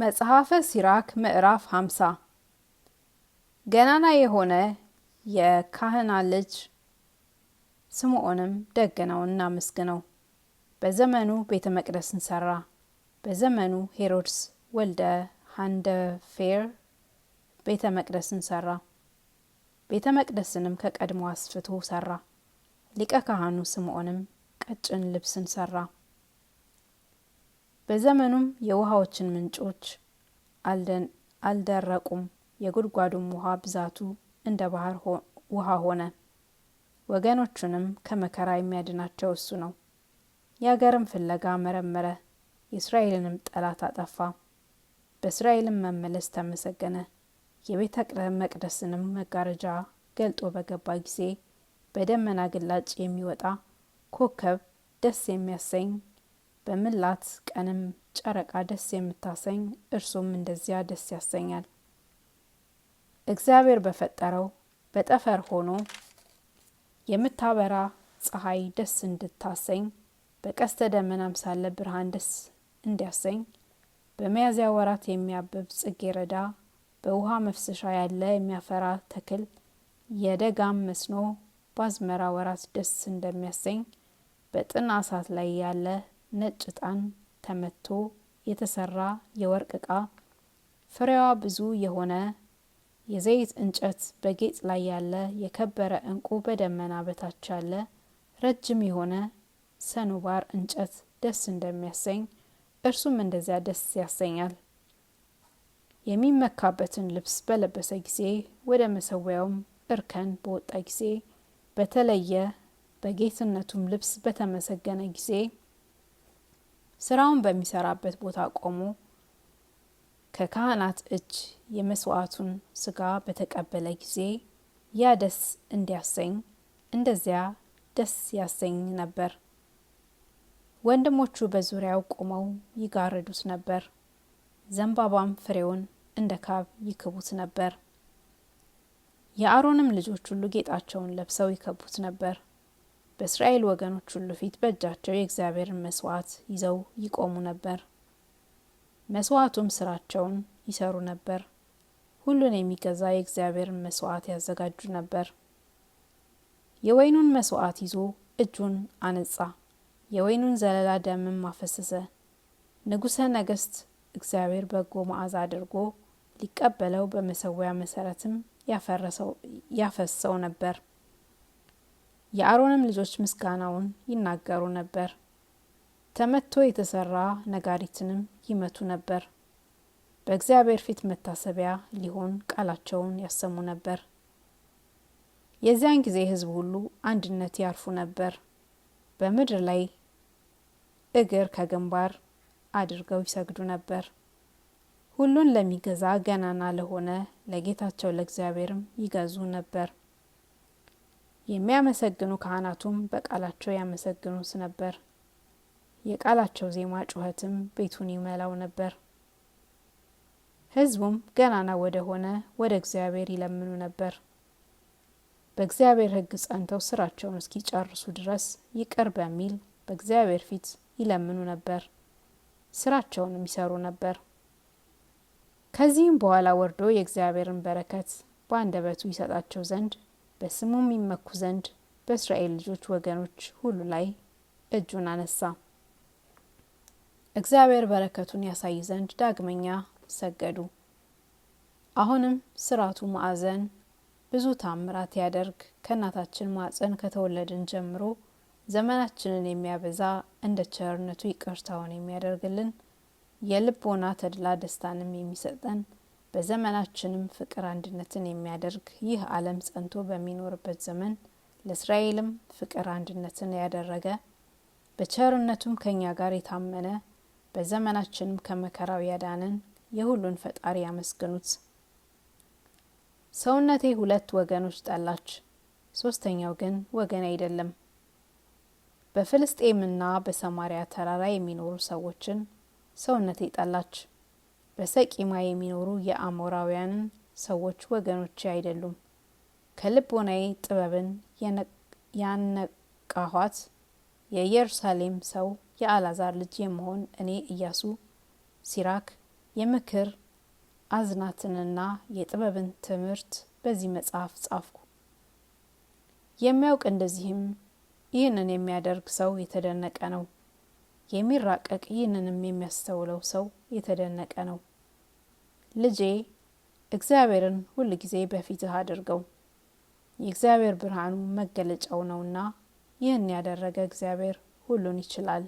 መጽሐፈ ሲራክ ምዕራፍ ሀምሳ ገናና የሆነ የካህና ልጅ ስምዖንም እና እናመስግነው። በዘመኑ ቤተ መቅደስን ሰራ። በዘመኑ ሄሮድስ ወልደ ሃንደፌር ቤተ መቅደስን ሰራ። ቤተ መቅደስንም ከቀድሞ አስፍቶ ሰራ። ሊቀ ካህኑ ስምዖንም ቀጭን ልብስን ሰራ። በዘመኑም የውሃዎችን ምንጮች አልደረቁም፣ የጉድጓዱም ውሃ ብዛቱ እንደ ባህር ውሃ ሆነ። ወገኖቹንም ከመከራ የሚያድናቸው እሱ ነው። የአገርም ፍለጋ መረመረ፣ የእስራኤልንም ጠላት አጠፋ። በእስራኤልም መመለስ ተመሰገነ። የቤተ መቅደስንም መጋረጃ ገልጦ በገባ ጊዜ በደመና ግላጭ የሚወጣ ኮከብ ደስ የሚያሰኝ በምላት ቀንም ጨረቃ ደስ የምታሰኝ እርሱም እንደዚያ ደስ ያሰኛል። እግዚአብሔር በፈጠረው በጠፈር ሆኖ የምታበራ ፀሐይ ደስ እንድታሰኝ በቀስተ ደመናም ሳለ ብርሃን ደስ እንዲያሰኝ በሚያዝያ ወራት የሚያብብ ጽጌረዳ በውሃ መፍሰሻ ያለ የሚያፈራ ተክል የደጋም መስኖ በአዝመራ ወራት ደስ እንደሚያሰኝ በጥና እሳት ላይ ያለ ነጭ ጣን ተመቶ የተሰራ የወርቅ ዕቃ ፍሬዋ ብዙ የሆነ የዘይት እንጨት በጌጥ ላይ ያለ የከበረ ዕንቁ በደመና በታች ያለ ረጅም የሆነ ሰኑባር እንጨት ደስ እንደሚያሰኝ እርሱም እንደዚያ ደስ ያሰኛል። የሚመካበትን ልብስ በለበሰ ጊዜ ወደ መሰዊያውም እርከን በወጣ ጊዜ በተለየ በጌትነቱም ልብስ በተመሰገነ ጊዜ ስራውን በሚሰራበት ቦታ ቆሞ ከካህናት እጅ የመስዋዕቱን ስጋ በተቀበለ ጊዜ ያ ደስ እንዲያሰኝ እንደዚያ ደስ ያሰኝ ነበር። ወንድሞቹ በዙሪያው ቆመው ይጋርዱት ነበር። ዘንባባም ፍሬውን እንደ ካብ ይክቡት ነበር። የአሮንም ልጆች ሁሉ ጌጣቸውን ለብሰው ይከቡት ነበር። በእስራኤል ወገኖች ሁሉ ፊት በእጃቸው የእግዚአብሔርን መስዋዕት ይዘው ይቆሙ ነበር። መስዋዕቱም ስራቸውን ይሰሩ ነበር። ሁሉን የሚገዛ የእግዚአብሔርን መስዋዕት ያዘጋጁ ነበር። የወይኑን መስዋዕት ይዞ እጁን አነጻ፣ የወይኑን ዘለላ ደምም አፈሰሰ። ንጉሠ ነገሥት እግዚአብሔር በጎ መዓዛ አድርጎ ሊቀበለው በመሰዊያ መሰረትም ያፈሰው ነበር። የአሮንም ልጆች ምስጋናውን ይናገሩ ነበር። ተመቶ የተሰራ ነጋሪትንም ይመቱ ነበር። በእግዚአብሔር ፊት መታሰቢያ ሊሆን ቃላቸውን ያሰሙ ነበር። የዚያን ጊዜ ሕዝብ ሁሉ አንድነት ያርፉ ነበር። በምድር ላይ እግር ከግንባር አድርገው ይሰግዱ ነበር። ሁሉን ለሚገዛ ገናና ለሆነ ለጌታቸው ለእግዚአብሔርም ይገዙ ነበር። የሚያመሰግኑ ካህናቱም በቃላቸው ያመሰግኑት ነበር። የቃላቸው ዜማ ጩኸትም ቤቱን ይመላው ነበር። ሕዝቡም ገናና ወደ ሆነ ወደ እግዚአብሔር ይለምኑ ነበር። በእግዚአብሔር ሕግ ጸንተው ስራቸውን እስኪጨርሱ ድረስ ይቅር በሚል በእግዚአብሔር ፊት ይለምኑ ነበር። ስራቸውንም ይሰሩ ነበር። ከዚህም በኋላ ወርዶ የእግዚአብሔርን በረከት በአንደበቱ ይሰጣቸው ዘንድ በስሙም ይመኩ ዘንድ በእስራኤል ልጆች ወገኖች ሁሉ ላይ እጁን አነሳ። እግዚአብሔር በረከቱን ያሳይ ዘንድ ዳግመኛ ሰገዱ። አሁንም ስርዓቱ ማዕዘን ብዙ ታምራት ያደርግ ከእናታችን ማዕፀን ከተወለድን ጀምሮ ዘመናችንን የሚያበዛ እንደ ቸርነቱ ይቅርታውን የሚያደርግልን የልቦና ተድላ ደስታንም የሚሰጠን በዘመናችንም ፍቅር አንድነትን የሚያደርግ ይህ ዓለም ጸንቶ በሚኖርበት ዘመን ለእስራኤልም ፍቅር አንድነትን ያደረገ በቸርነቱም ከእኛ ጋር የታመነ በዘመናችንም ከመከራው ያዳንን የሁሉን ፈጣሪ ያመስግኑት። ሰውነቴ ሁለት ወገኖች ጠላች፣ ሶስተኛው ግን ወገን አይደለም። በፍልስጤምና በሰማሪያ ተራራ የሚኖሩ ሰዎችን ሰውነቴ ጠላች። በሰቂማ የሚኖሩ የአሞራውያን ሰዎች ወገኖች አይደሉም። ከልቦናዬ ጥበብን ያነቃኋት የኢየሩሳሌም ሰው የአላዛር ልጅ የመሆን እኔ እያሱ ሲራክ የምክር አዝናትንና የጥበብን ትምህርት በዚህ መጽሐፍ ጻፍኩ። የሚያውቅ እንደዚህም ይህንን የሚያደርግ ሰው የተደነቀ ነው። የሚራቀቅ ይህንንም የሚያስተውለው ሰው የተደነቀ ነው። ልጄ እግዚአብሔርን ሁል ጊዜ በፊትህ አድርገው፣ የእግዚአብሔር ብርሃኑ መገለጫው ነውና፣ ይህን ያደረገ እግዚአብሔር ሁሉን ይችላል።